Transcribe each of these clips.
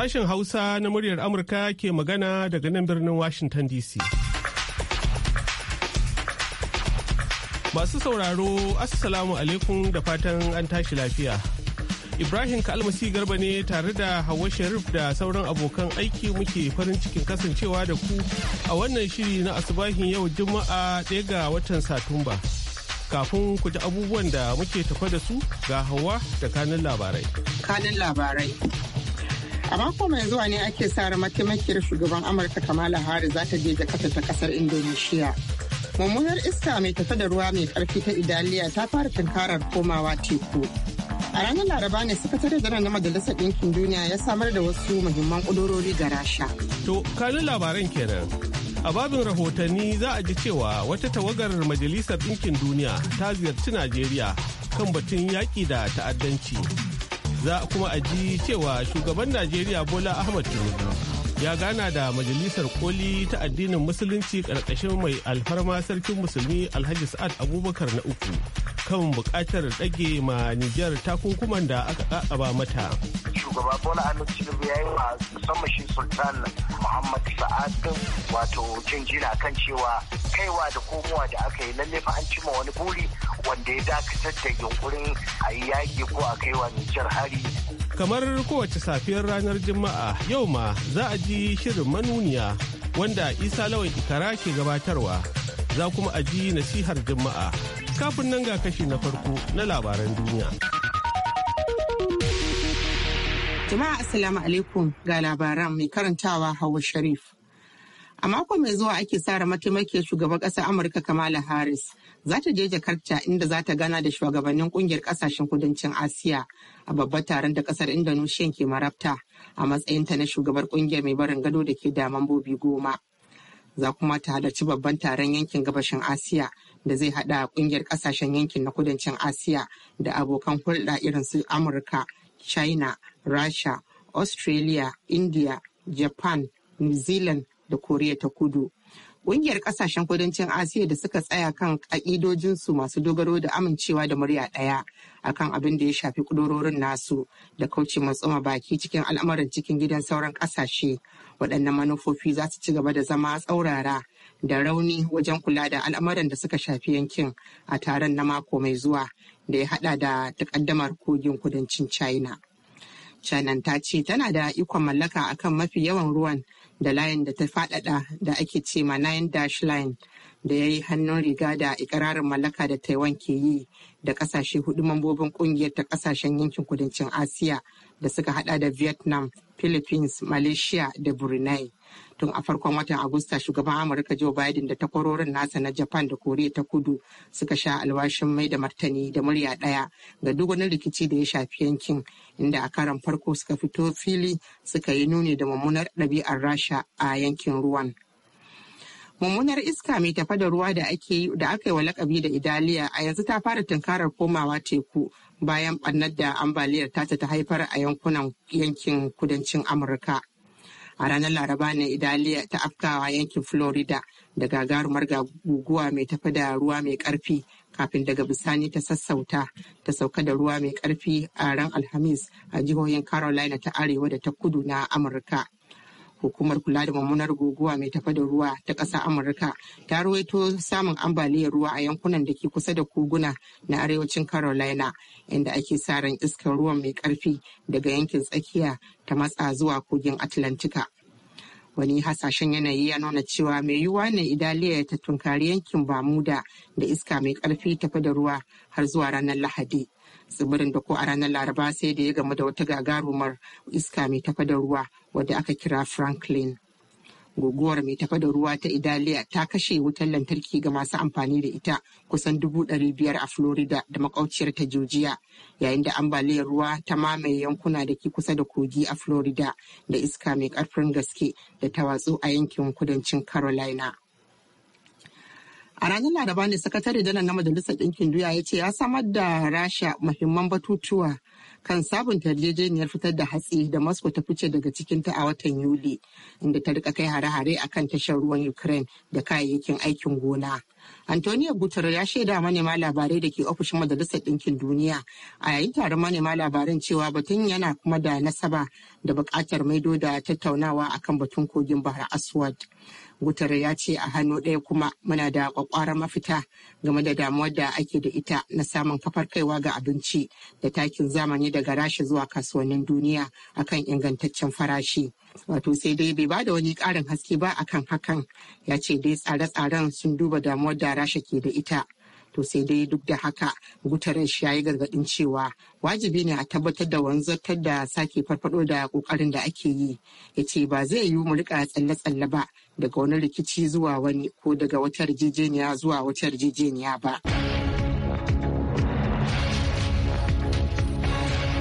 Sashen Hausa na muryar Amurka ke magana daga nan birnin Washington DC. Masu sauraro, Assalamu alaikum da fatan an tashi lafiya. Ibrahim Kalmasi Garba ne tare da Hauwa Sharif da sauran abokan aiki muke farin cikin kasancewa da ku a wannan shiri na asubahin yau Juma'a ɗaya ga watan Satumba. Kafin ku ji abubuwan da muke tafa da su ga Hauwa da kanin labarai. Kanin labarai. A mako mai zuwa ne ake sa ran mataimakiyar shugaban Amurka Kamala Harris za ta je Jakarta ta kasar Indonesia. Mummunar iska mai tafe da ruwa mai karfi ta Idaliya ta fara tunkarar komawa teku. A ranar Laraba ne sakatare da na Majalisar Ɗinkin Duniya ya samar da wasu muhimman ƙudurori ga Rasha. To, kalin labaran kenan. A babin rahotanni za a ji cewa wata tawagar Majalisar Ɗinkin Duniya ta ziyarci Najeriya kan batun yaƙi da ta'addanci. za kuma a ji cewa shugaban najeriya bola ahmad tinubu ya gana da majalisar koli ta addinin musulunci karkashin mai alfarma sarkin musulmi alhaji sa'ad abubakar na uku kan bukatar ɗage ma nijar takunkuman da aka ƙaƙaba mata shugaba bola ahmed tinubu ya yi wa musamman shi sultan muhammad sa'ad wato jinjina kan cewa kaiwa da komowa da aka yi lalle fa an cima wani buri wanda ya dakatar da yunkurin a yi yaƙi ko a kaiwa nijar hari kamar kowace safiyar ranar juma'a yau ma za a ji shirin manuniya wanda isa lawan ikara ke gabatarwa za kuma a ji nasihar juma'a kafin nan ga kashi na farko na labaran duniya. Jama'a Assalamu alaikum ga labaran mai karantawa Hauwa Sharif. A mako mai zuwa ake sara mataimakiyar shugaban ƙasar Amurka Kamala Harris za ta je Jakarta inda za ta gana da shugabannin kungiyar ƙasashen kudancin Asiya a babbar taron da ƙasar Indonesia ke marabta a matsayinta na shugabar kungiyar mai barin gado da ke da mambobi goma. Za kuma ta halarci babban taron yankin gabashin Asiya da zai haɗa ƙungiyar ƙasashen yankin na kudancin Asiya da abokan hulɗa irin su Amurka china rasha australia india japan new zealand da koriya ta kudu Ƙungiyar ƙasashen kudancin Asiya da suka tsaya kan ƙa'idojinsu masu dogaro da amincewa da murya ɗaya akan abin da ya shafi ƙudurorin nasu da kauce matsoma baki cikin al'amarin cikin gidan sauran ƙasashe. Waɗannan manufofi za su ci gaba da zama tsaurara da rauni wajen kula da al'amuran da suka shafi yankin a taron na mako mai zuwa da ya hada da takaddamar kogin kudancin china china ta ce tana da ikon mallaka akan mafi yawan ruwan da layin da ta fadada da ake ce ma nine dash line da ya yi hannun riga da ikirarin mallaka da taiwan ke yi da kasashe hudu mambobin kungiyar ta kasashen yankin kudancin asiya da suka hada da vietnam philippines malaysia da brunei tun a farkon watan agusta shugaban amurka joe biden da takwarorin nasa na japan da korea ta kudu suka sha alwashin mai da martani da murya daya ga duk wani rikici da ya shafi yankin inda a karan farko suka fito fili suka yi nuni da mummunar ɗabi'ar rasha a yankin ruwan mummunar iska mai tafa da ruwa da ake aka yi wa lakabi da idaliya a yanzu ta fara tunkarar komawa teku bayan ɓannar da ambaliyar tata ta haifar a yankunan yankin kudancin amurka a ranar laraba ne idaliya ta afkawa yankin florida da gagarumar guguwa mai tafi da ruwa mai karfi kafin daga bisani ta sassauta ta sauka da ruwa mai karfi a ran alhamis a jihohin carolina ta arewa da ta kudu na amurka hukumar kula da mummunar guguwa mai tafa da ruwa ta ƙasa amurka ta ruwaito samun ambaliyar ruwa a yankunan da ke kusa da koguna na arewacin carolina inda ake sa ran iskar ruwan mai ƙarfi daga yankin tsakiya ta matsa zuwa kogin atlantika wani hasashen yanayi ya nuna cewa mai yiwuwa ne idaliya ta tunkari yankin bamuda da iska mai ƙarfi tafi da ruwa har zuwa ranar lahadi tsibirin da ko a ranar laraba sai da ya gamu da wata gagarumar iska mai tafa da ruwa wadda aka kira franklin guguwar mai tafa da ruwa ta idaliya ta kashe wutar lantarki ga masu amfani da ita kusan dubu ɗari biyar a florida da makauciyar ta georgia yayin da ambaliyar ruwa ta mamaye yankuna da ke kusa da kogi a florida da iska mai ƙarfin gaske da ta watsu a yankin kudancin carolina A ranar Laraba ne sakatare dana na Majalisar Ɗinkin Duniya ya ce ya samar da Rasha muhimman batutuwa kan sabunta yarjejeniyar fitar da hatsi da Moscow ta fice daga cikinta a watan Yuli, inda ta rika kai hare-hare a kan tashar ruwan Ukraine da kayayyakin aikin gona. Antonio Guterres ya shaida manema labarai da ke ofishin Majalisar Ɗinkin Duniya a yayin taron manema labarin cewa batun yana kuma da nasaba da bukatar maido da tattaunawa akan batun kogin Bahar Aswad. Gutar ya ce a hannu ɗaya kuma muna da ƙwaƙwara mafita game da damuwar da ake da ita na samun kafar kaiwa ga abinci da takin zamani daga rashi zuwa kasuwannin duniya akan ingantaccen farashi. Wato sai dai bai bada wani ƙarin haske ba akan hakan ya ce dai tsare-tsaren sun duba damuwar da rasha ke da ita. to sai dai duk da haka shi ya yi gargaɗin cewa wajibi ne a tabbatar da wanzartar da sake farfado da kokarin da ake yi ya ce ba zai yiwu mu rika tsalle-tsalle ba daga wani rikici zuwa wani ko daga wata yarjejeniya zuwa wata yarjejeniya ba.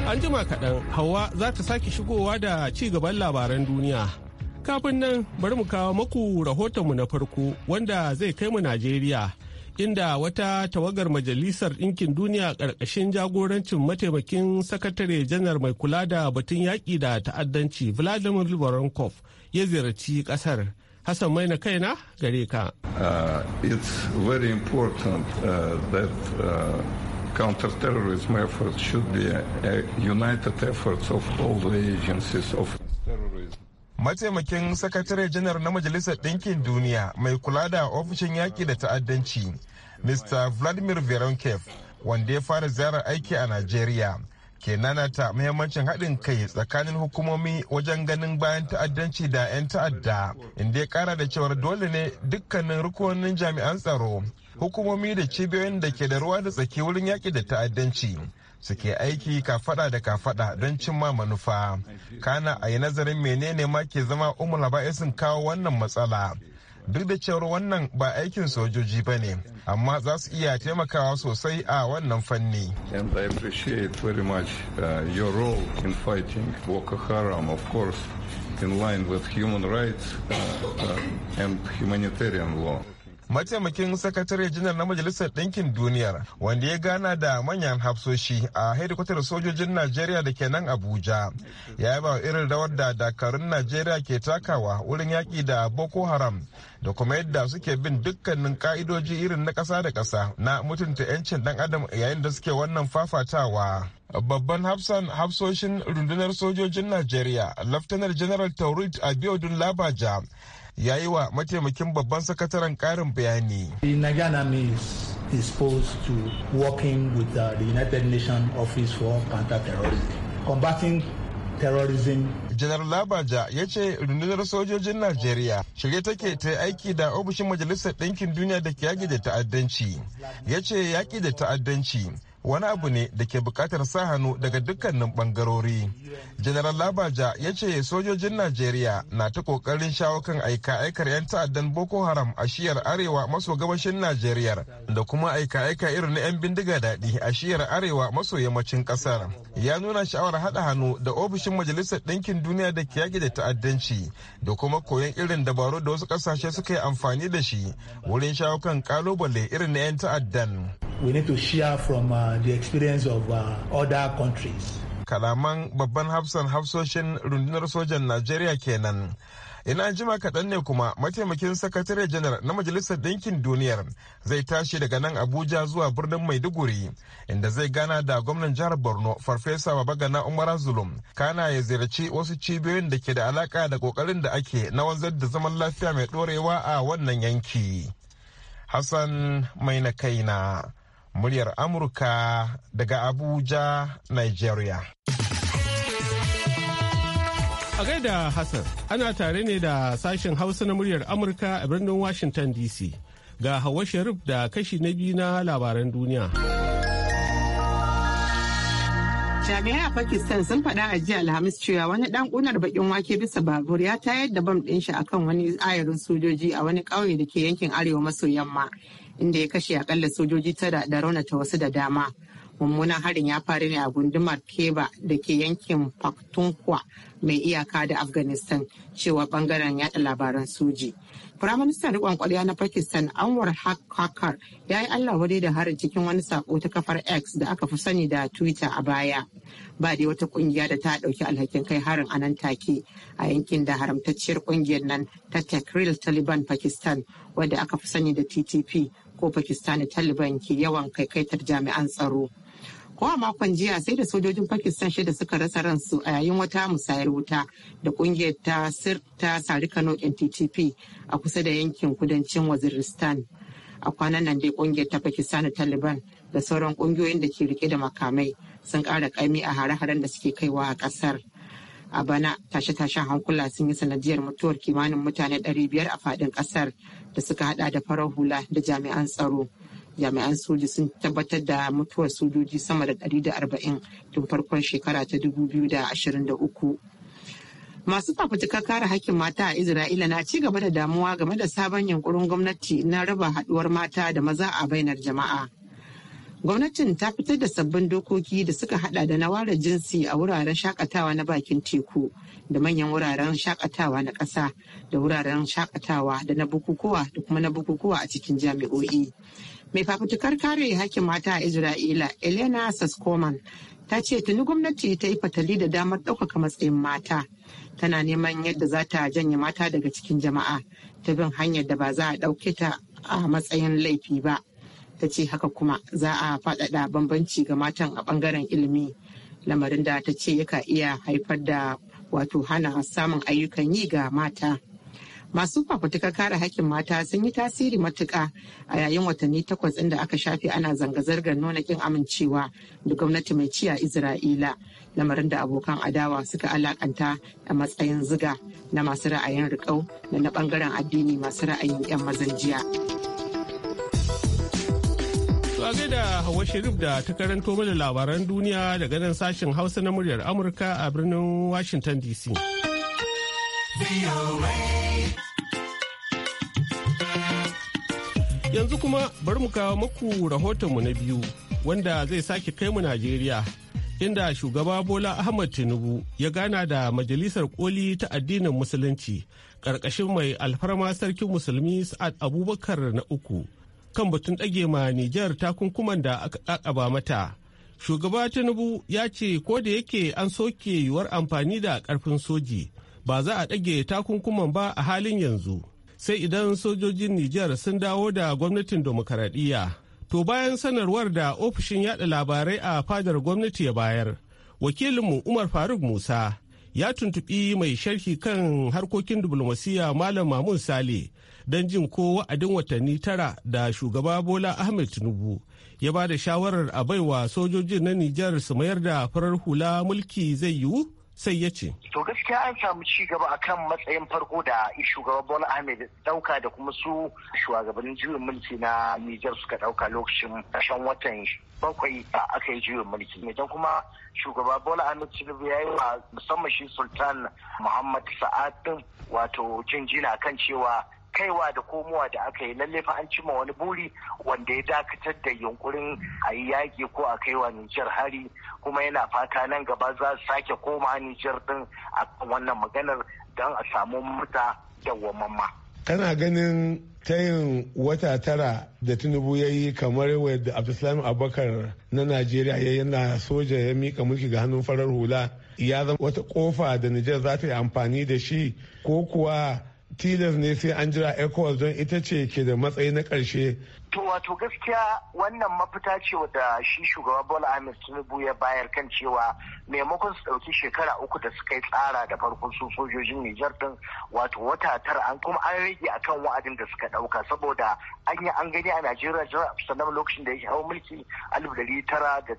An jima kaɗan Hauwa za ta sake shigowa da ci gaban labaran duniya. Kafin nan bari mu kawo maku rahotonmu na farko wanda zai kai mu Najeriya inda wata tawagar majalisar ɗinkin duniya ƙarƙashin jagorancin mataimakin sakatare janar mai kula da batun yaƙi da ta'addanci vladimir voronkov ya ziyarci ƙasar hassan maina kaina gare ka uh, it's very important uh, that uh, counterterrorism efforts should be a united efforts of all the agencies of terrorism mataimakin sakatare janar na majalisar ɗinkin duniya mai kula da ofishin yaƙi da ta'addanci mr vladimir veronkev wanda ya fara ziyarar aiki a nigeria ke nanata muhimmancin haɗin kai tsakanin hukumomi wajen ganin bayan ta'addanci da 'yan ta'adda inda ya kara da cewar dole ne dukkanin rukunin jami'an tsaro hukumomi da cibiyoyin da ke da ruwa da tsaki wurin yaƙi da ta'addanci suke aiki kafada da kafada don cimma manufa kana a yi nazarin menene ma ke zama umar ba'isin kawo wannan matsala duk da cewar wannan ba aikin sojoji ba ne amma za su iya taimakawa sosai a wannan fanni. And I appreciate very much uh, your role in fighting Boko Haram, of course, in line with human rights uh, uh, and humanitarian law. mataimakin sakatare janar na majalisar ɗinkin duniyar wanda ya gana da manyan hafsoshi a hedikwatar sojojin najeriya da ke nan abuja ya yi ba irin rawar da dakarun najeriya ke takawa wurin yaƙi da boko haram da kuma yadda suke bin dukkanin ka'idoji irin na ƙasa da ƙasa na mutunta 'yancin dan adam yayin da suke wannan fafatawa babban hafsan hafsoshin rundunar sojojin najeriya laftanar general taurid abiodun labaja ya yi wa mataimakin babban sakataren karin bayani. The is disposed to working with the United Nations Office for counter Janar Labaja ya ce rundunar sojojin Najeriya shirye take ta aiki da ofishin Majalisar Ɗinkin Duniya da ke yaƙi da ta'addanci. Ya ce yaƙi da ta'addanci wani abu ne da ke bukatar sa hannu daga dukkanin bangarori general labaja ya ce sojojin najeriya na ta kokarin shawo kan aika-aikar 'yan ta'addan boko haram a shiyar arewa maso gabashin najeriya da kuma aika-aika irin na 'yan bindiga daɗi a shiyar arewa maso yammacin ƙasar ya nuna sha'awar haɗa hannu da ofishin majalisar ɗinkin duniya da ke yaƙi da ta'addanci da kuma koyon irin dabaru da wasu ƙasashe suka yi amfani da shi wurin shawo kan ƙalubale irin na 'yan ta'addan we need to share from uh, the experience of uh, other countries. Kalaman babban hafsan hafsoshin rundunar sojan Najeriya kenan. Ina jima kaɗan ne kuma mataimakin sakatare janar na Majalisar Ɗinkin Duniyar zai tashi daga nan Abuja zuwa birnin Maiduguri inda zai gana da gwamnan jihar Borno Farfesa Babagana Umar Zulum kana ya ziyarci wasu cibiyoyin da ke da alaka da ƙoƙarin da ake na wanzar da zaman lafiya mai ɗorewa a wannan yanki. Hassan Maina Kaina muryar Amurka daga Abuja, Nigeria. A gaida Hassan, ana tare ne da sashen Hausa na muryar Amurka a birnin Washington DC. Ga Hawa Sharif da kashi na biyu na labaran duniya. Jami'ai a Pakistan sun faɗa a jiya Alhamis cewa wani ɗan ƙunar bakin wake bisa babur ya tayar da bam ɗin akan wani ayarin sojoji a wani ƙauye da ke yankin arewa maso yamma. inda ya kashe akalla sojoji tara da raunata wasu da dama. Mummunan harin ya faru ne a gundumar Keba da ke yankin Faktunkwa mai iyaka da Afghanistan cewa bangaren yada labaran soji. Firaministan riƙon kwalya na Pakistan Anwar Hakkar ya yi Allah wadai da harin cikin wani sako ta kafar X da aka fi sani da Twitter a baya. Ba dai wata ƙungiya da ta ɗauki alhakin kai harin a nan take a yankin da haramtacciyar ƙungiyar nan ta Tehreek Taliban Pakistan wadda aka fi sani da TTP ko pakistani taliban ke yawan kaikaitar jami'an tsaro kowa makon jiya sai da sojojin pakistan shida suka rasa ransu a yayin wata musayar wuta da kungiyar ta sir ta sarikano nttp a kusa da yankin kudancin waziristan a kwanan nan dai kungiyar ta pakistan taliban da sauran kungiyoyin da ke rike da makamai sun kara kaimi a hare-haren da suke kaiwa a kasar a bana tashe-tashen hankula sun yi sanadiyar mutuwar kimanin mutane 500 a fadin kasar da suka hada da farar hula da jami'an tsaro jami'an soji sun tabbatar da mutuwar sojoji sama da 140 tun farkon shekara ta 2023 masu fafutukar kare hakkin mata a isra'ila na ci gaba da damuwa game da sabon yunkurin gwamnati na raba haduwar mata da maza a bainar jama'a gwamnatin ta fitar da sabbin dokoki da suka hada da na ware jinsi a wuraren shakatawa na bakin teku da manyan wuraren shakatawa na ƙasa da wuraren shakatawa da na bukukuwa da kuma na bukukuwa a cikin jami'o'i mai fafutukar kare hakkin mata a isra'ila elena saskoman ta ce tuni gwamnati ta yi fatali da damar ɗaukaka matsayin mata tana neman yadda za ta janye mata daga cikin jama'a ta bin hanyar da ba za a ɗauke ta a matsayin laifi ba ta ce haka kuma za a faɗaɗa bambanci ga matan a ɓangaren ilimi lamarin da ta ce yaka iya haifar da wato hana samun ayyukan yi ga mata masu fafutukar kare hakkin mata sun yi tasiri matuka a yayin watanni takwas inda aka shafe ana zanga-zangar nuna kin amincewa da gwamnati mai ciya isra'ila lamarin da abokan adawa suka alakanta a matsayin ziga na masu ra'ayin rikau da na ɓangaren addini masu ra'ayin 'yan mazan jiya. a da Hawa Sharif da ta karanto mana labaran duniya daga nan sashen Hausa na muryar Amurka a birnin Washington DC. Yanzu kuma bari mu kawo muku rahotonmu na biyu wanda zai sake kai mu Najeriya inda shugaba Bola Ahmad Tinubu ya gana da Majalisar Koli ta addinin Musulunci ƙarƙashin mai alfarma sarkin Musulmi Sa'ad Abubakar na uku kan batun ɗage ma Nijar takunkuman da aka ba mata. Shugaba Tinubu ya ce ko da yake an soke yiwuwar amfani da ƙarfin soji ba za a ɗage takunkuman ba a halin yanzu. Sai idan sojojin Nijar sun dawo da gwamnatin demokaradiyya. To bayan sanarwar da ofishin yada labarai a fadar gwamnati ya bayar, wakilinmu Umar Faruk Musa ya tuntuɓi mai sharhi kan harkokin diflomasiyya Malam mahmud Sale don jin ko wa'adin watanni tara da shugaba bola ahmed tinubu ya ba da shawarar a baiwa sojojin na nijar su mayar da farar hula mulki zai yiwu sai ya ce. To gaskiya an samu ci gaba a kan matsayin farko da shugaba Bola Ahmed dauka da kuma su shugabannin juyin mulki na Nijar suka dauka lokacin ƙarshen watan bakwai da aka yi juyin mulki. Idan kuma shugaba Bola Ahmed Tinubu ya yi wa musamman shi Sultan Muhammad Sa'ad wato jinjina kan cewa kaiwa da komowa da aka yi lalle fa an cima wani buri wanda ya dakatar da yunkurin a yi yaƙi ko a kaiwa Nijar hari kuma yana fata nan gaba za su sake koma Nijar din a wannan maganar don a samu mata dawwamamma. Kana ganin tayin wata tara da Tinubu ya yi kamar wadda Abdulsalam Abubakar na Najeriya ya yana soja ya mika mulki ga hannun farar hula ya zama wata kofa da Nijar za ta yi amfani da shi ko kuwa tilas ne sai an jira ecowas don ita ce ke da matsayi na karshe. to wato gaskiya wannan mafita ce da shi shugaba bola ahmed tinubu ya bayar kan cewa maimakon su ɗauki shekara uku da suka yi tsara da farkon su sojojin nijar din wato wata tara an kuma an rage akan wa'adin da suka ɗauka saboda an yi an gani a najeriya sannan lokacin da ya hau mulki alif dari tara da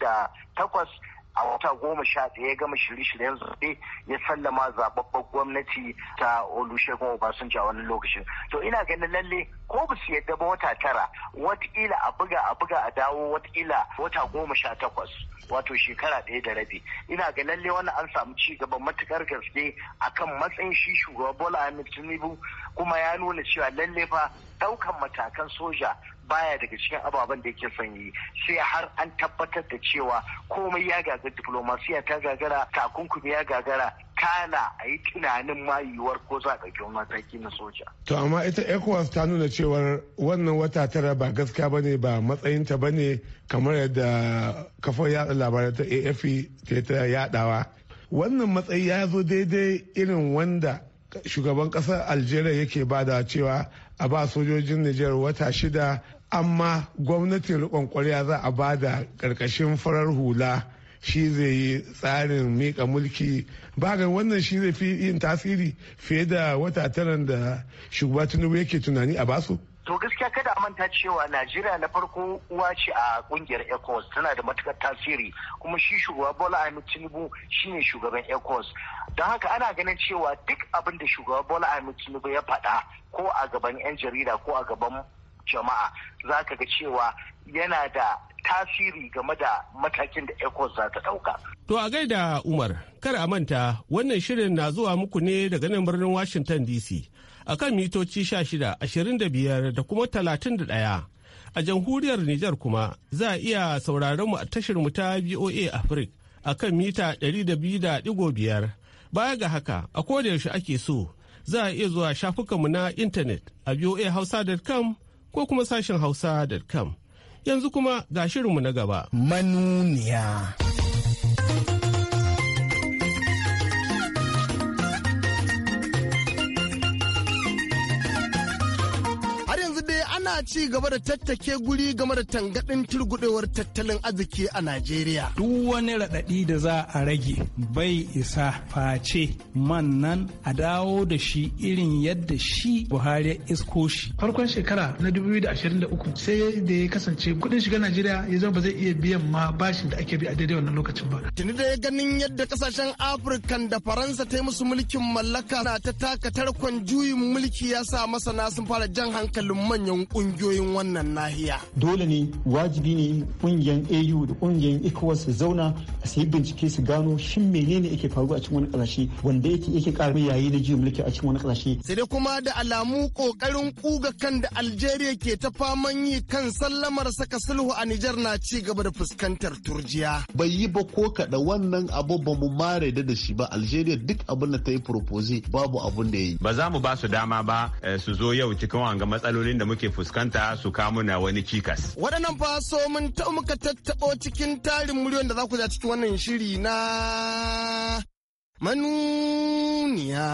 da takwas a wata goma sha ɗaya ya gama shirye-shiryen zaɓe ya sallama zababbar gwamnati ta Olusegun Obasanjo a wani lokacin. To ina ganin lalle ko ba su yadda ba wata tara watakila a buga a buga a dawo watakila wata goma sha takwas wato shekara ɗaya da rabi. Ina ga lalle wannan an samu ci gaba matukar gaske a kan matsayin shi shugaban Bola Ahmed Tinubu kuma ya nuna cewa lalle fa ɗaukan matakan soja baya daga cikin ababen da yake son yi sai har an tabbatar da cewa komai ya gagara diplomasiya ta gagara takunkumi ya gagara kana a yi tunanin ma yiwuwar ko za a ɗauki mataki na soja. To amma ita ECOWAS ta nuna cewar wannan wata tara ba gaskiya bane ba matsayinta bane kamar yadda kafar yada labarai ta AFP ta ta yadawa. Wannan matsayi ya zo daidai irin wanda shugaban ƙasar Algeria yake bada cewa a ba sojojin Nijar wata shida amma gwamnatin rikon kwarya za a ba da ƙarƙashin farar hula shi zai yi tsarin miƙa mulki ba bagan wannan shi zai fi yin tasiri fiye da wata tara da shugaba tinubu yake tunani a basu. to gaskiya kada a manta cewa najeriya na farko uwa ce a kungiyar ecos tana da matukar tasiri kuma shi shugaba bola ahmed tinubu shine shugaban ecos don haka ana ganin cewa duk abin da shugaba bola ahmed tinubu ya faɗa ko a gaban 'yan jarida ko a gaban jama'a za ka ga cewa yana da tasiri game da matakin da ecos za ta ɗauka. to a gaida umar kar a manta wannan shirin na zuwa muku ne daga nan birnin washington dc a kan mitoci 16, 25 da kuma 31. A jamhuriyar Nijar kuma za a iya sauraron mu a tashar mu ta VOA Africa a kan mita 200.5. Baya ga haka, a yaushe ake so za a iya zuwa shafukanmu na intanet a voahausa.com ko kuma sashen hausa.com. Yanzu kuma ga shirinmu na gaba. Manuniya. ana ci gaba da tattake guri game da tangadin turgudewar tattalin arziki a Najeriya. Duk wani raɗaɗi da za a rage bai isa face man nan a dawo da shi irin yadda shi Buhari ya isko shi. Farkon shekara na 2023 sai da ya kasance kuɗin shiga Najeriya ya zama ba zai iya biyan ma bashin da ake bi a daidai wannan lokacin ba. Tuni da ya ganin yadda kasashen Afirka da Faransa ta yi musu mulkin mallaka na ta taka tarkon juyin mulki ya sa masana sun fara jan hankalin manyan ƙungiyoyi. kungiyoyin wannan nahiya. Dole ne wajibi ne kungiyar AU da kungiyar ECOWAS su zauna a sayi bincike su gano shin menene yake faruwa a cikin wani karashe wanda yake yake karbi yayi da jiya mulki a cikin wani karashe. Sai dai kuma da alamu kokarin kuga kan da Algeria ke ta faman yi kan sallamar saka sulhu a Nijar na ci gaba da fuskantar turjiya. Bai yi ba ko kaɗa wannan abu ba mu mare da shi ba Algeria duk abin da ta yi babu abin da ya yi. Ba za mu ba su dama ba eh, su zo yau cikin wanga matsalolin da muke fuskanta. fuskanta su kamuna wani cikas. Waɗannan fa so mun ta muka tattaɓo cikin tarin muryoyin da za ku ja cikin wannan shiri na manuniya.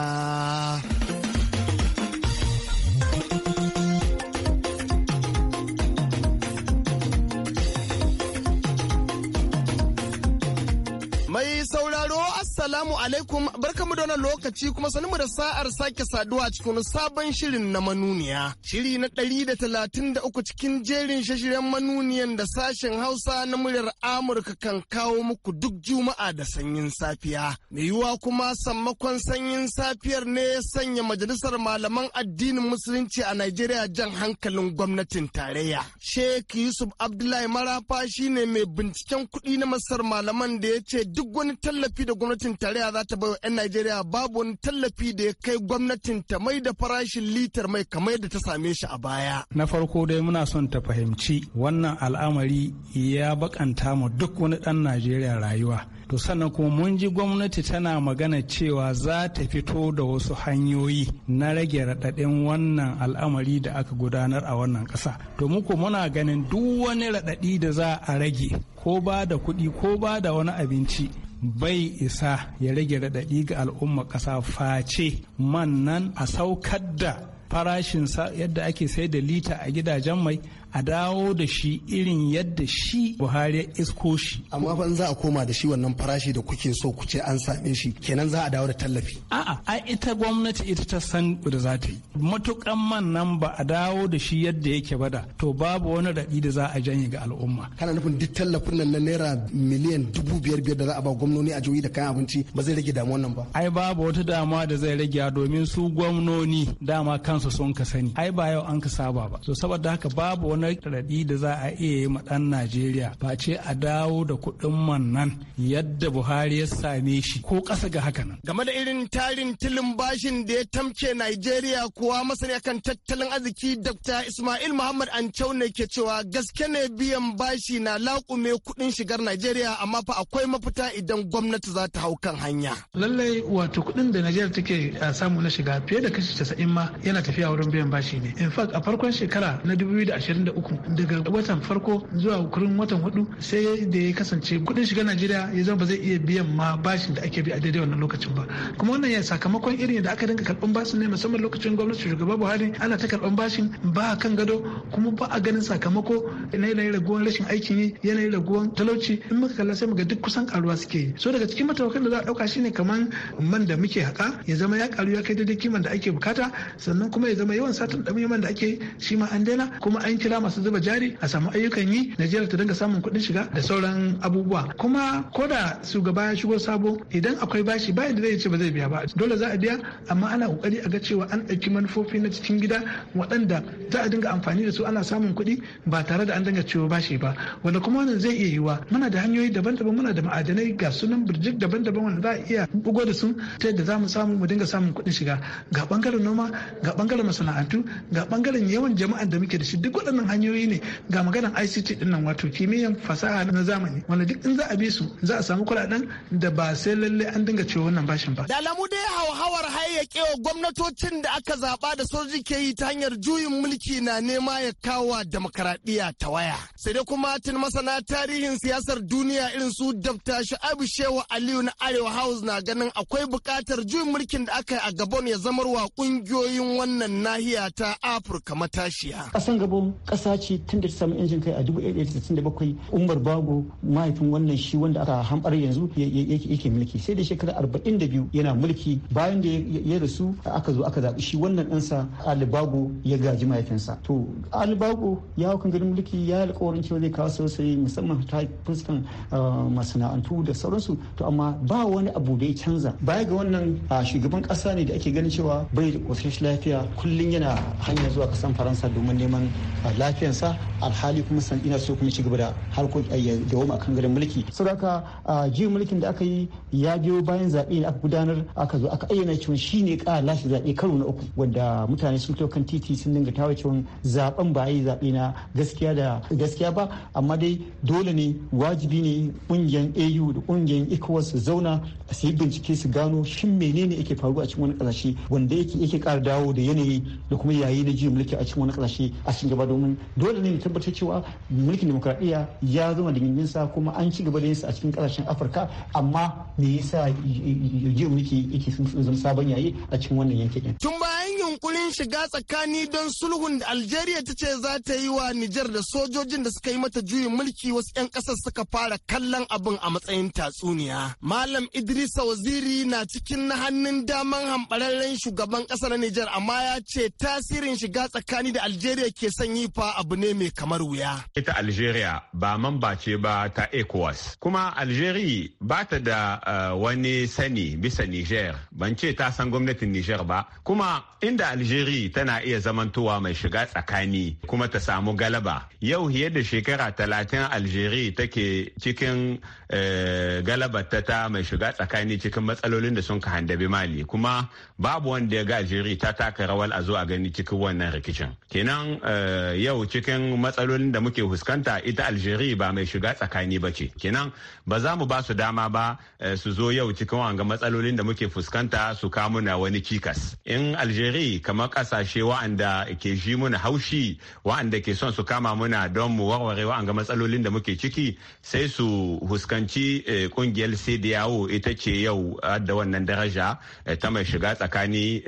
Assalamu alaikum barkamu da wannan lokaci kuma sanmu da sa'ar sake saduwa cikin sabon shirin na manuniya. Shiri na ɗari da talatin da uku cikin jerin shashiren manuniyan da sashen Hausa na muryar Amurka kan kawo muku duk Juma'a da sanyin safiya. Me yiwuwa kuma sammakon sanyin safiyar ne ya sanya majalisar malaman addinin musulunci a Najeriya jan hankalin gwamnatin tarayya. Sheikh Yusuf Abdullahi Marafa shine mai binciken kuɗi na Masar malaman da ya ce duk wani tallafi da gwamnatin tarayya tarayya za ta baiwa 'yan Najeriya babu wani tallafi da ya kai gwamnatin ta mai da farashin litar mai kamar da ta same shi a baya. Na farko dai muna son ta fahimci wannan al'amari ya bakanta mu duk wani ɗan Najeriya rayuwa. To sannan kuma mun ji gwamnati tana magana cewa za ta fito da wasu hanyoyi na rage raɗaɗin wannan al'amari da aka gudanar a wannan ƙasa. To muku muna ganin duk wani raɗaɗi da za a rage ko ba da kuɗi ko ba da wani abinci bai isa ya rage raɗaɗi ga al'umma ƙasa face man nan a saukar da farashin yadda ake sai da lita a gidajen mai a dawo da shi irin yadda shi buhari ya isko shi amma ban za a koma da shi wannan farashi da kuke so ku ce an same shi kenan za a dawo da tallafi a'a ai ita gwamnati ita ta san da za ta yi matukan man nan ba a dawo da shi yadda yake bada to babu wani radi da za a janye ga al'umma kana nufin duk tallafin nan na naira miliyan dubu biyar biyar da za a ba gwamnoni a jihohi da kayan abinci ba zai rage damuwan nan ba ai babu wata damuwa da zai rage domin su gwamnoni dama kan kansu sun ka sani ai ba yau an ka saba ba so saboda haka babu wani raɗi da za a iya yi ma dan najeriya ba ce a dawo da kuɗin man nan yadda buhari ya same shi ko ƙasa ga haka nan game da irin tarin tilin bashin da ya tamke najeriya kuwa masana kan tattalin arziki dr ismail muhammad ancau ne ke cewa gaske ne biyan bashi na laƙume kuɗin shigar najeriya amma fa akwai mafita idan gwamnati za ta hau kan hanya lallai wato kuɗin da najeriya take eh, samu na shiga fiye da kashi casa'in ma yana tafiya wurin biyan bashi ne in fact a farkon shekara na 2023 daga watan farko zuwa kurin watan hudu sai da ya kasance kudin shiga najeriya ya zama ba zai iya biyan ma bashin da ake bi a daidai wannan lokacin ba kuma wannan ya sakamakon irin da aka dinka karban bashin ne musamman lokacin gwamnati shugaba buhari ana ta karban bashin ba a kan gado kuma ba a ganin sakamako na yanayin raguwar rashin aikin yi yanayin raguwar talauci in muka kalla sai muga duk kusan karuwa suke yi so daga cikin matakan da za a dauka shine kamar man da muke haka ya zama ya karu ya kai daidai kiman da ake bukata sannan kuma ya zama yawan satin ɗan da ake shi ma an daina kuma an kira masu zuba jari a samu ayyukan yi najeriya ta dinga samun kuɗin shiga da sauran abubuwa kuma ko da shugaba ya shigo sabo idan akwai bashi ba da zai ce ba zai biya ba dole za a biya amma ana kokari a ga cewa an ɗauki manufofi na cikin gida waɗanda za a dinga amfani da su ana samun kuɗi ba tare da an dinga cewa bashi ba wanda kuma wannan zai iya yiwa muna da hanyoyi daban-daban muna da ma'adanai ga sunan birjik daban-daban wanda za a iya bugo da su ta yadda za mu samu mu dinga samun kuɗin shiga ga bangaren noma ga bangaren masana'antu ga bangaren yawan jama'an da muke da shi duk waɗannan hanyoyi ne ga maganar ICT din nan wato kimiyyan fasaha na zamani wanda duk in za a bi su za a samu kuɗaɗen da ba sai lalle an dinga cewa wannan bashin ba. Da lamu dai hauhawar hayyakewa gwamnatocin da aka zaɓa da soji ke yi ta hanyar juyin mulki na nema ya kawo demokaradiyya ta waya. Sai dai kuma tun masana tarihin siyasar duniya irin su Dabta abu shewa Aliyu na Arewa House na ganin akwai buƙatar juyin mulkin da aka yi a Gabon ya zamarwa ƙungiyoyin wani wannan nahiya ta Afirka matashiya. Kasan Gabon kasa ce tun da ta samu injin kai a 1967 Umar Bago mahaifin wannan shi wanda aka hambar yanzu yake mulki sai da shekarar 42 yana mulki bayan da ya rasu aka zo aka zaɓi shi wannan ɗansa alibago ya gaji mahaifinsa. To alibago ya hau kan mulki ya yi alƙawarin cewa zai kawo sosai musamman ta fuskan ah, masana'antu da sauransu to amma ba wani abu da ya canza baya ga wannan ah, shugaban kasa ne da ake ganin cewa bai da ƙosashen lafiya kullum yana hanyar zuwa kasan faransa domin neman ah, lafiyansa alhali kuma san ina so kuma ci gaba da harkokin ah, dawoma akan garin mulki saboda ah, ji mulkin da aka yi ya biyo bayan zaɓe ne aka gudanar aka zo aka ayyana cewa shi ne ƙara lashe zaɓe karo na uku wanda mutane sun fito kan titi sun dinga tawa cewa zaɓen ba a yi zaɓe na gaskiya da gaskiya ba amma dai dole ne wajibi ne ƙungiyar au da ƙungiyar ecowas su zauna su yi bincike su gano shin menene yake faruwa a cikin wani ƙasashe wanda yake yake ƙara dawo da yanayi da kuma yayi na ji mulki a cikin wani kasashe a cikin gaba domin dole ne mu tabbatar cewa mulkin demokradiyya ya zama da sa kuma an ci gaba da yinsa a cikin kasashen afirka amma me yasa ji mulki yake sun zama sabon yayi a cikin wannan yankin tun bayan yunkurin shiga tsakani don sulhun da algeria ta ce za ta yi wa nijar da sojojin da suka yi mata juyin mulki wasu 'yan kasar suka fara kallon abin a matsayin tatsuniya malam idrisa waziri na cikin na hannun daman hambararren shugaban kasar nijar amma ya ce tasirin shiga tsakani da Algeria ke son yi fa abu ne mai kamar wuya. Ita Algeria ba mamba ce ba ta ECOWAS. Kuma Algeria ba ta da eh, wani sani bisa Niger. Ban ce ta san gwamnatin Niger ba. Kuma inda Algeria tana iya zamantowa mai shiga tsakani kuma ta samu galaba. Yau da shekara talatin Algeria take cikin uh, eh, galaba ta ta mai shiga tsakani cikin matsalolin da sun ka handabi Mali. Kuma babu wanda ya ga Algeria ta taka rawar a zo a gani cikin wannan rikicin kenan eh, yau cikin matsalolin da muke fuskanta ita algeria ba mai shiga tsakani ba ce kenan ba za mu ba su dama ba eh, su zo yau cikin wanga matsalolin da muke fuskanta su na wani cikas in algeria kamar kasashe wa'anda ke ji muna haushi wa'anda ke son su kama muna don mu warware wa'anga matsalolin da muke ciki sai su fuskanci kungiyar eh, cdao ita ce yau da wannan daraja ta mai shiga tsakani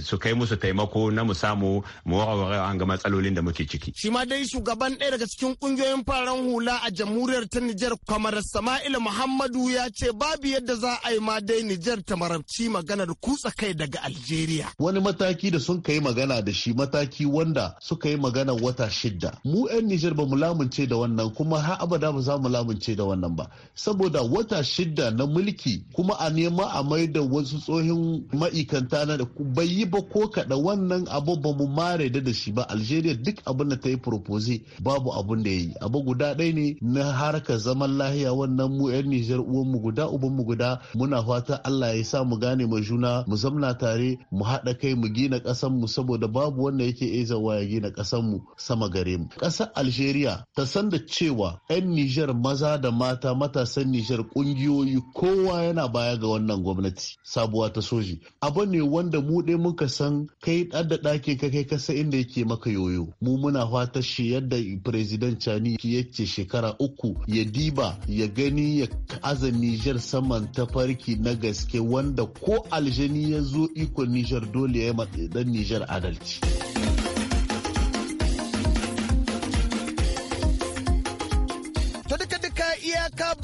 su kai musu taimako na mu samu mu an ga matsalolin da muke ciki. Shi ma dai shugaban ɗaya daga cikin ƙungiyoyin fararen hula a jamhuriyar ta Nijar kamar Sama'il Muhammadu ya ce babu yadda za a yi ma dai Nijar ta marabci maganar kutsa kai daga Algeria. Wani mataki da sun kai magana da shi mataki wanda suka yi magana wata shidda. Mu 'yan Nijar ba mu lamunce da wannan kuma har abada ba za mu lamunce da wannan ba. Saboda wata shidda na mulki kuma a nema a mai da wasu tsohin ma'ikanta na bai yi ba ko kaɗa wannan abu ba mu mare da da shi ba algeria duk abin da ta yi propose babu abin da ya yi abu guda ɗaya ne na harkar zaman lahiya wannan mu 'yan nijar uwanmu guda ubanmu guda muna fata allah ya sa mu gane ma juna mu zamna tare mu haɗa kai mu gina ƙasar mu saboda babu wanda yake iya ya gina ƙasar mu sama gare mu ƙasar algeria ta san da cewa 'yan nijar maza da mata matasan nijar ƙungiyoyi kowa yana baya ga wannan gwamnati sabuwa ta soji abu ne wanda mu ɗaya muka san san kai da ɗakin ka kai kasa inda yake maka yoyo mu muna fata shi yadda president chani yake shekara uku ya diba ya gani ya aza nijar saman tafarki na gaske wanda ko aljani ya zo ikon nijar dole ya yi dan nijar adalci.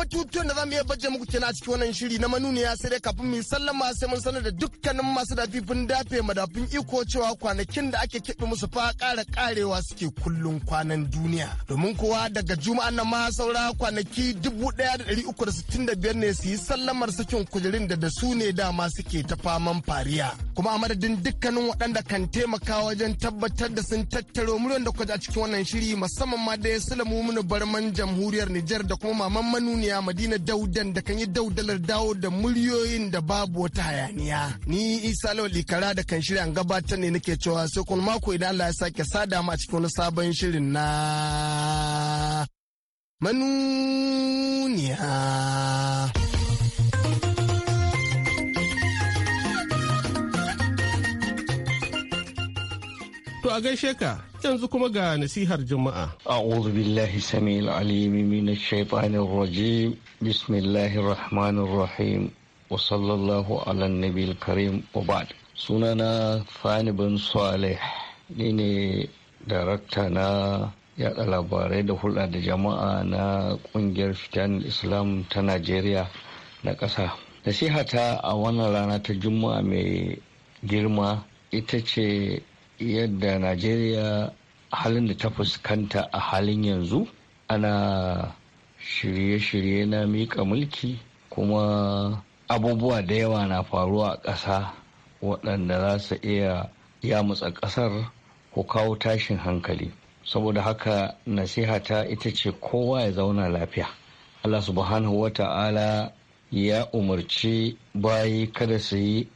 batutuwan da za mu iya baje muku kenan a cikin wannan shiri na manuniya sai dai kafin mu sallama sai mun sanar da dukkanin masu dafifin dafe madafin iko cewa kwanakin da ake kiɗi musu fa ƙara ƙarewa suke kullum kwanan duniya. Domin kowa daga juma'a nan ma saura kwanaki dubu ɗaya da ɗari uku da sittin da biyar ne su yi sallamar sakin kujerin da da su ne dama suke ta faman fariya. kuma a madadin dukkanin waɗanda kan taimaka wajen tabbatar da sun tattaro muryar da kwaje a cikin wannan shiri musamman ma da ya sulamu mini barman jamhuriyar Nijar da kuma maman manuniya Madina Daudan da kan yi daudalar dawo da muryoyin da babu wata hayaniya. Ni Isa Lawal kara da kan shirya gabatar ne nake cewa sai kun mako idan Allah ya sake sada mu a cikin wani sabon shirin na manuniya. To a gaishe ka yanzu kuma ga nasihar Juma'a. A'udhu billahi samil alimi minash shaitanir rajim. Bismillahir rahmanir rahim. Wa sallallahu ala nabiyil karim wa ba'd. Sunana Fani bin Ni ne darakta na yada labarai da hulɗa da jama'a na kungiyar fitan Islam ta Najeriya na ƙasa. Nasihata a wannan rana ta Juma'a mai girma ita ce yadda najeriya halin da ta fuskanta a halin yanzu ana shirye-shirye na miƙa mulki kuma abubuwa da yawa na faruwa a ƙasa waɗanda za su iya yamutsa ƙasar ko kawo tashin hankali saboda haka nasihata ita ce kowa ya zauna lafiya allah subhanahu wa ta'ala ya umarci bayi kada su yi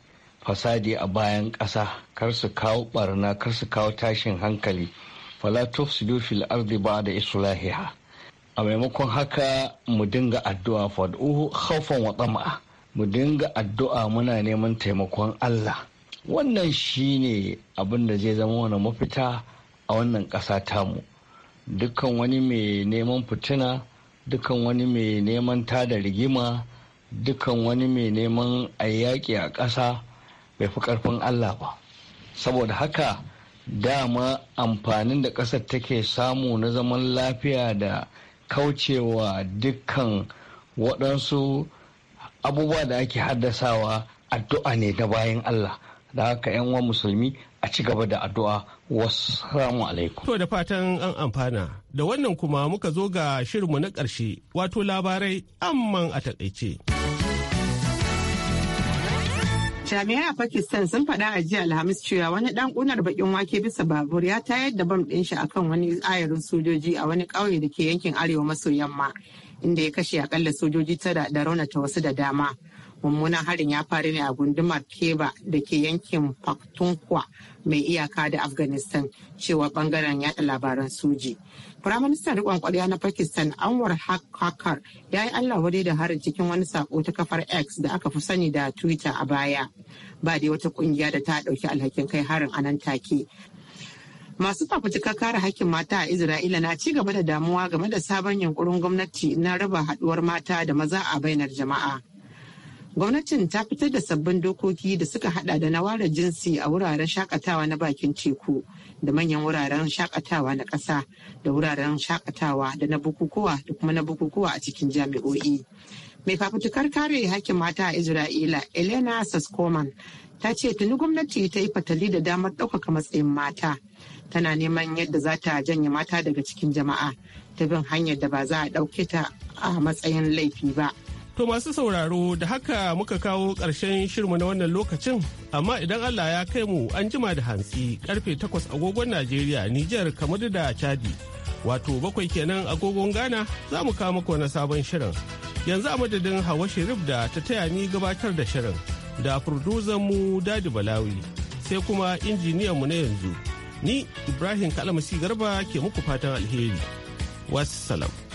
fasadi a bayan ƙasa kar su kawo barna kar su kawo tashin hankali fala tufsidu fil ardi da islahiha a maimakon haka mu dinga addu'a fad'uhu khawfan wa tama'a mu dinga addu'a muna neman taimakon Allah wannan shine abin da zai zama wani mafita a wannan ƙasa mu dukkan wani mai neman fitina dukkan wani mai neman tada rigima dukkan wani mai neman a yaƙi a ƙasa bai fi karfin Allah ba saboda haka dama amfanin da ƙasar take samu na zaman lafiya da kaucewa dukkan waɗansu abubuwa da ake haddasawa addu'a ne da bayan Allah da haka 'yan musulmi a ci gaba da addu'a wasu alaikum. To da fatan an amfana da wannan kuma muka zo ga shirinmu na ƙarshe wato labarai amman a taƙaice. Jami'ai a Pakistan sun faɗa a jiya Alhamis cewa wani ɗan ƙunar bakin wake bisa babur ya tayar da bam ɗin shi akan wani ayarin sojoji a wani ƙauye da ke yankin arewa maso yamma inda ya kashe akalla sojoji tara da raunata wasu da dama. mummunan harin ya faru ne a gundumar keba da ke yankin Paktunkwa mai iyaka da afghanistan cewa bangaren yada labaran soji firaministan rikon kwarya na pakistan anwar hakkar ya yi allah wadai da harin cikin wani sako ta kafar x da aka fi sani da twitter a baya ba dai wata kungiya da ta dauki alhakin kai harin anan take masu fafutukar kare hakkin mata a isra'ila na ci gaba da damuwa game da sabon yunkurin gwamnati na raba haduwar mata da maza a bainar jama'a gwamnatin ta fitar da sabbin dokoki da suka hada da na ware jinsi a wuraren shakatawa na bakin teku da manyan wuraren shakatawa na ƙasa da wuraren shakatawa da na bukukuwa da kuma na bukukuwa a cikin jami'o'i mai fafutukar kare hakkin mata a isra'ila elena saskoman ta ce tuni gwamnati ta yi fatali da damar ɗaukaka matsayin mata tana neman yadda za ta janye mata daga cikin jama'a ta bin hanyar da ba za a ɗauke ta a matsayin laifi ba. To masu sauraro da haka muka kawo ƙarshen shirmu na wannan lokacin, amma idan Allah ya kai mu an jima da hantsi karfe takwas agogon Najeriya, Nijar, kamar da Chadi. Wato bakwai kenan agogon Ghana za mu kawo muku wani sabon shirin. Yanzu a madadin Hawa Sharif da ta taya ni gabatar da shirin da furduzan mu Dadi Balawi sai kuma injiniyan mu na yanzu. Ni Ibrahim Kalamasi Garba ke muku fatan alheri. Wassalam.